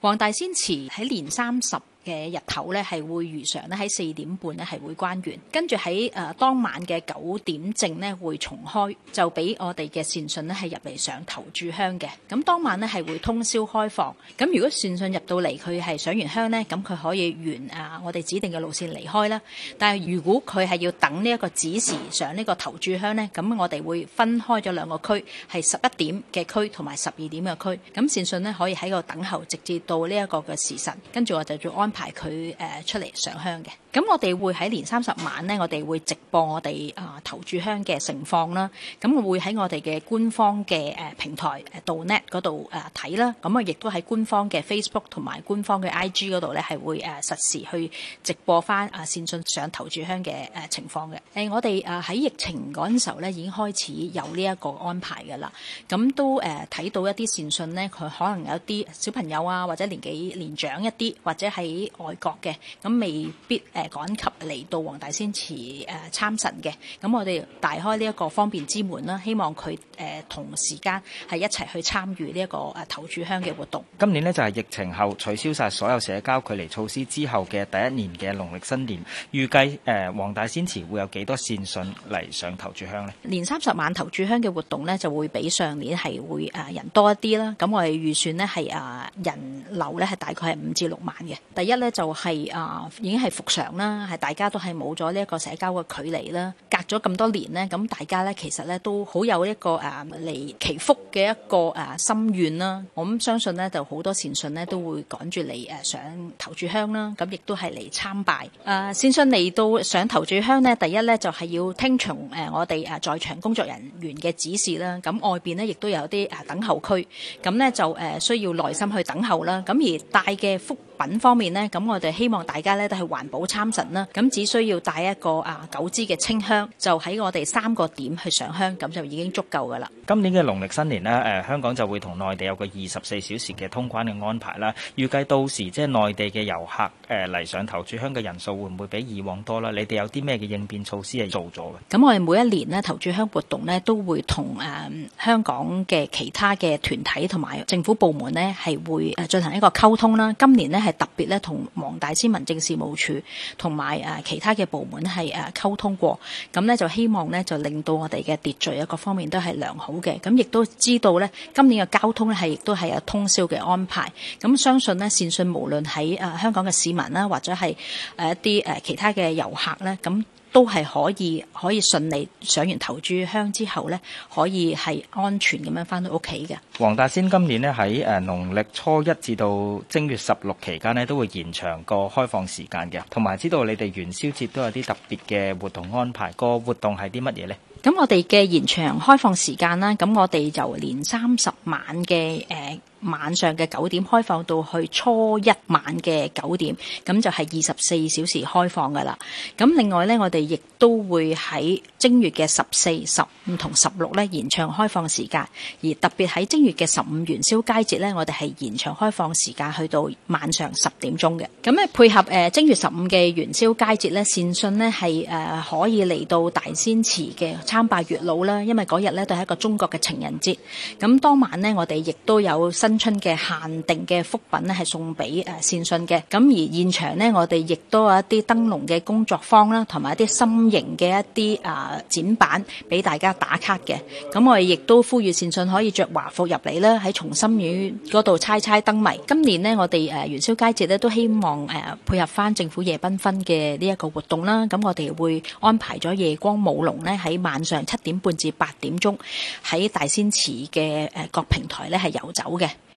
黃大仙祠喺年三十。嘅日頭咧係會如常咧喺四點半咧係會關完，跟住喺誒當晚嘅九點正咧會重開，就俾我哋嘅善信呢係入嚟上頭炷香嘅。咁當晚呢係會通宵開放。咁如果善信入到嚟佢係上完香呢，咁佢可以沿啊我哋指定嘅路線離開啦。但係如果佢係要等呢一個指示上呢個頭炷香呢，咁我哋會分開咗兩個區，係十一點嘅區同埋十二點嘅區。咁善信呢可以喺度等候，直至到呢一個嘅時辰，跟住我就做安排。排佢誒出嚟上香嘅。咁我哋會喺年三十晚咧，我哋會直播我哋啊頭炷香嘅情況啦。咁、啊、會喺我哋嘅官方嘅平台誒 net 嗰度睇啦。咁啊，亦、啊啊、都喺官方嘅 Facebook 同埋官方嘅 IG 嗰度咧，係會、啊、實時去直播翻啊善信上頭炷香嘅、啊、情況嘅、啊。我哋喺、啊、疫情嗰陣時候咧，已經開始有呢一個安排㗎啦。咁、啊、都睇、啊、到一啲善信呢，佢可能有啲小朋友啊，或者年紀年長一啲，或者喺外國嘅，咁、啊、未必、啊趕及嚟到黃大仙祠參神嘅，咁我哋大開呢一個方便之門啦，希望佢、呃、同時間係一齊去參與呢一個誒、啊、頭炷香嘅活動。今年呢，就係、是、疫情後取消晒所有社交距離措施之後嘅第一年嘅農曆新年，預計誒黃大仙祠會有幾多善信嚟上頭炷香呢？年三十晚頭炷香嘅活動呢，就會比上年係會人多一啲啦。咁我哋預算呢，係、啊、人。樓咧大概係五至六萬嘅。第一咧就係、是、啊，已經係復常啦，大家都係冇咗呢一個社交嘅距離啦，隔咗咁多年呢，咁大家咧其實咧都好有一個啊嚟祈福嘅一個啊心願啦。我咁相信呢，就好多善信呢，都會趕住嚟上頭炷香啦，咁、啊、亦都係嚟參拜。誒、啊、善信嚟到上頭炷香呢，第一咧就係、是、要聽從誒我哋誒在場工作人員嘅指示啦。咁外面呢，亦都有啲等候區，咁呢，就需要耐心去等候啦。咁而大嘅福。品方面呢，咁我哋希望大家呢都係環保參神啦。咁只需要帶一個啊九支嘅清香，就喺我哋三個點去上香，咁就已經足夠噶啦。今年嘅農曆新年呢、呃，香港就會同內地有個二十四小時嘅通關嘅安排啦。預計到時即係內地嘅遊客嚟、呃、上頭炷香嘅人數會唔會比以往多啦？你哋有啲咩嘅應變措施係做咗嘅？咁我哋每一年呢，頭炷香活動呢都會同、呃、香港嘅其他嘅團體同埋政府部門呢係會誒進、呃、行一個溝通啦。今年呢。係特別咧，同黃大仙民政事務處同埋其他嘅部門係溝通過，咁咧就希望咧就令到我哋嘅秩序啊各方面都係良好嘅，咁亦都知道咧今年嘅交通咧係亦都係有通宵嘅安排，咁相信呢，善信無論喺香港嘅市民啦，或者係一啲其他嘅遊客咧，咁。都係可以可以，順利上完頭炷香之後呢，可以係安全咁樣翻到屋企嘅。黃大仙今年呢喺，誒農曆初一至到正月十六期間呢，都會延長個開放時間嘅。同埋知道你哋元宵節都有啲特別嘅活動安排，個活動係啲乜嘢呢？咁我哋嘅延長開放時間啦，咁我哋就年三十晚嘅誒。呃晚上嘅九點開放到去初一晚嘅九點，咁就係二十四小時開放噶啦。咁另外咧，我哋亦都會喺正月嘅十四、十五同十六咧延長開放時間，而特別喺正月嘅十五元宵佳節咧，我哋係延長開放時間去到晚上十點鐘嘅。咁配合正月十五嘅元宵佳節咧，善信咧係、呃、可以嚟到大仙祠嘅參拜月老啦，因為嗰日咧都係一個中國嘅情人節，咁當晚咧，我哋亦都有新春嘅限定嘅福品呢，係送俾誒善信嘅。咁而現場呢，我哋亦都有一啲燈籠嘅工作坊啦，同埋一啲心形嘅一啲誒展板俾大家打卡嘅。咁我哋亦都呼籲善信可以着華服入嚟啦，喺松心園嗰度猜猜燈謎。今年呢，我哋誒元宵佳節咧都希望誒配合返政府夜繽紛嘅呢一個活動啦。咁我哋會安排咗夜光舞龍呢，喺晚上七點半至八點鐘喺大仙祠嘅誒各平台呢，係遊走嘅。